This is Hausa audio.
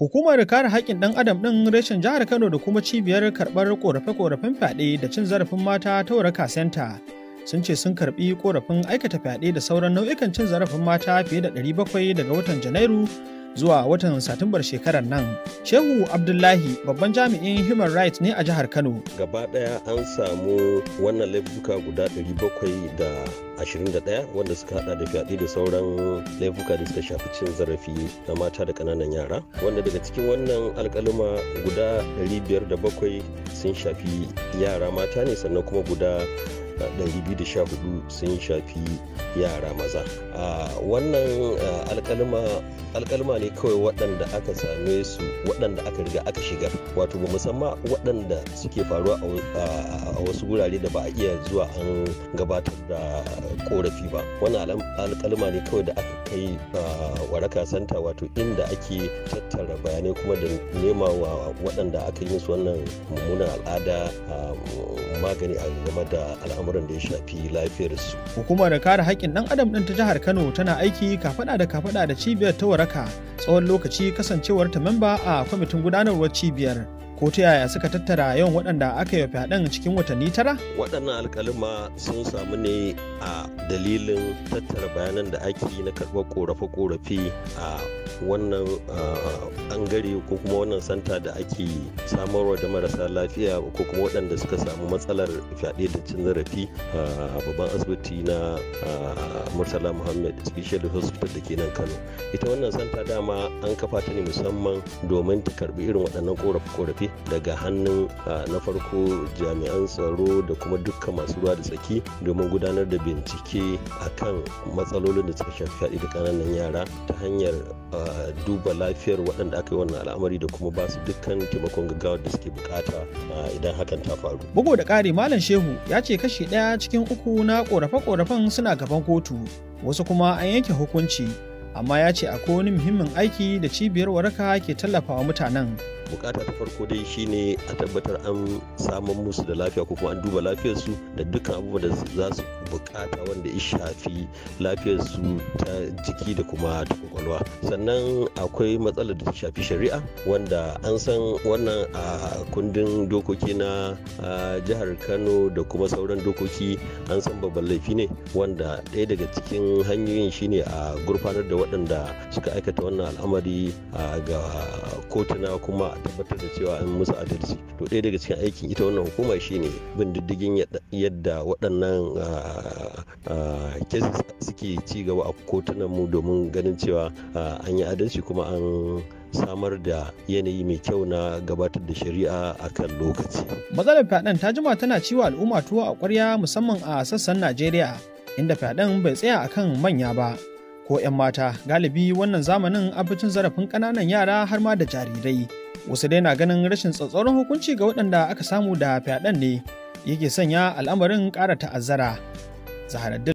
Hukumar kare haƙƙin ɗan adam ɗin reshen jihar Kano da kuma cibiyar karɓar ƙorafe-ƙorafen fyaɗe da cin zarafin mata ta Waraka senta sun ce sun karɓi ƙorafin aikata fyaɗe da sauran nau'ikan cin zarafin mata fiye da 700 daga watan Janairu zuwa watan Satumbar shekarar nan. Shehu Abdullahi babban jami'in Human Rights ne a jihar Kano. Gaba ɗaya an samu wannan laifuka guda 721 wanda suka hada da fyaɗe da sauran laifuka da suka shafi cin zarafi na mata da ƙananan yara wanda daga cikin wannan alƙaluma guda 507 sun shafi yara mata ne sannan kuma guda 214 sun shafi yara maza wannan alkalma ne kawai waɗanda aka same su waɗanda aka riga aka shigar wato ba musamman waɗanda suke faruwa a wasu gurare da ba a iya zuwa an gabatar da korafi ba wannan alkalma ne kawai da aka kai waraka santa wato inda ake tattara bayanai kuma da nema wa waɗanda aka yi su wannan mummunan al'ada magani a game da al'amuran al'amuran da ya shafi lafiyarsu. Hukumar kare haƙƙin ɗan adam ɗin ta jihar Kano tana aiki kafaɗa da kafaɗa da cibiyar ta waraka tsawon lokaci kasancewar ta memba a kwamitin gudanarwar cibiyar. ko ta yaya suka tattara yawan waɗanda aka yi fyaɗen cikin watanni tara? waɗannan alkalima sun samu ne a dalilin tattara bayanan da ake yi na karɓar ƙorafe-ƙorafe a wannan ɓangare ko kuma wannan santa da ake samarwa da marasa lafiya ko kuma waɗanda suka samu matsalar fyaɗe da cin zarafi a babban asibiti na murtala muhammad special hospital da ke nan kano ita wannan santa dama an kafa ta ne musamman domin ta karɓi irin waɗannan ƙorafe-ƙorafe daga hannun na farko jami'an tsaro da kuma dukkan masu ruwa da tsaki domin gudanar da bincike a kan matsalolin da suka shafi fadi da ƙananan yara ta hanyar duba lafiyar waɗanda aka yi wannan al'amari da kuma ba su dukkan taimakon gaggawa da suke bukata idan hakan ta faru. Bugu da ƙari Malam Shehu ya ce kashi ɗaya cikin uku na ƙorafe-ƙorafen suna gaban kotu wasu kuma an yanke hukunci amma ya ce akwai wani muhimmin aiki da cibiyar waraka ke tallafawa mutanen bukata ta farko dai shine a tabbatar an samun musu da lafiya ko kuma an duba lafiyarsu da dukkan abubuwan da za su bukata wanda ya shafi lafiyarsu ta jiki da kuma ta kwakwalwa sannan akwai matsalar da ta shafi shari'a wanda an san wannan a kundin dokoki na jihar kano da kuma sauran dokoki an san babban laifi ne wanda ɗaya daga cikin hanyoyin shine a gurfanar da waɗanda suka aikata wannan al'amari ga kotuna kuma a tabbatar da cewa an musu adalci to ɗaya daga cikin aikin ita wannan hukuma shine bin diddigin yadda waɗannan cases suke ci gaba a kotunan mu domin ganin cewa an yi adalci kuma an samar da yanayi mai kyau na gabatar da shari'a a kan lokaci. Matsalar fyaɗen ta jima tana ciwa al'umma tuwo a kwarya musamman a sassan Najeriya inda fyaɗen bai tsaya akan manya ba ko 'yan mata galibi wannan zamanin abincin zarafin ƙananan yara har ma da jarirai wasu dai na ganin rashin tsatsauran hukunci ga waɗanda aka samu da fyaɗen ne yake sanya al'amarin ƙara ta'azzara zaharaddin